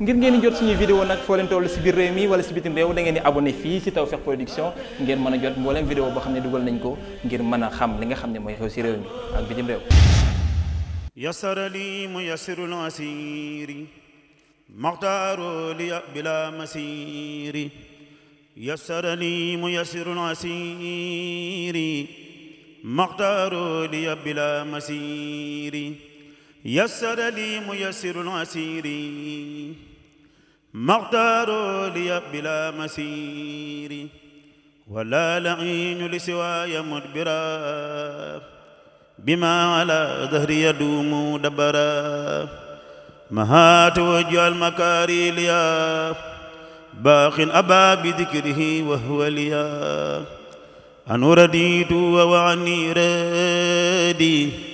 ngir ngeen jot suñu vidéo nag foo leen si biir réew mi wala si bitim réew da ngeen di abonné fii si Tawfekh Production ngeen mën a jot mbooleem vidéo boo xam ne dugal nañ ko ngir mën a xam li nga xam ne mooy xew si réew mi ak bitim réew yasara li muyassirul asiri maxtaaro li bila masiri yasara asiri يسر لي ميسر العسير مقدار لي بلا مسير ولا لعين لسواي مدبرا بما على ظهري يدوم دبرا مهات وجه المكاري ليا باق أبا بذكره وهو ليا أن رديت وعني ردي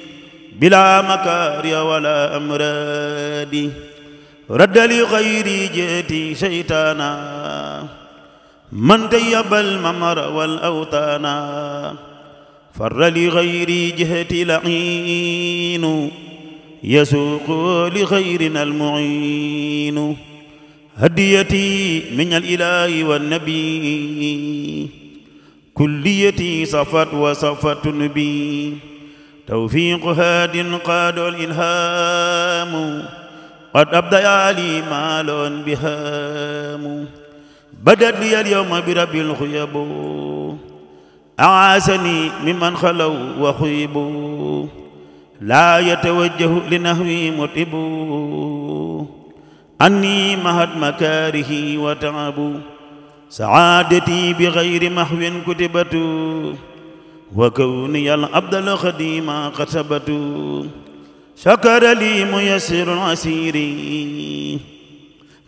بلا مكاري ولا أمراد رد لغيري جيتي شيطانا من تيب الممر والأوطانا فر لغيري جهتي لعين يسوق لخيرنا المعين هديتي من الإله والنبي كليتي صفت وصفت بي توفيق هاد قاد الإلهام قد أبديا لي مال بهام بدت لي اليوم برب الخيب أعاسني ممن خلوا وخيبوا لا يتوجه لنهوي مطب أني مهد مكاره وتعب سعادتي بغير محو كتبت wa kawni yàlla abdal xadima xasabatu shakara li muyassirul asiri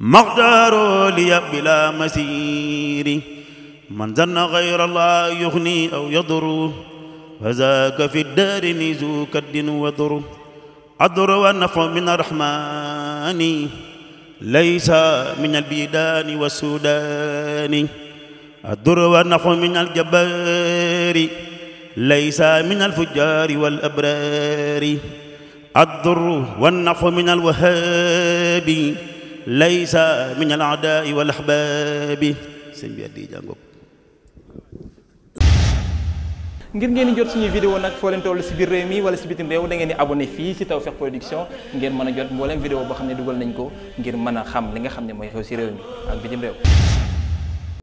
maxtaaro li bila masiri man zanna xayra llah yuxni aw yaduru fa zaaka fi daarini zu kaddin wa duru adru wa nafu min arrahmani laysa min albidaani wa sudaani adru wa nafu min aljabbari laysa min alfujjaari wal abraari addur wa nafu min alwahaabi laysa min alaadaai wal ahbaabi sëñ bi addi jàngoo ngir ngeen di jot suñuy vidéo nag foo leen toll si biir réew mi wala si bitim réew da ngeen di abonné fii si Tawfekh Production ngeen mën a jot mbooleem vidéo boo xam ne dugal nañ ko ngir mën a xam li nga xam ne mooy xew si réew mi ak bitim réew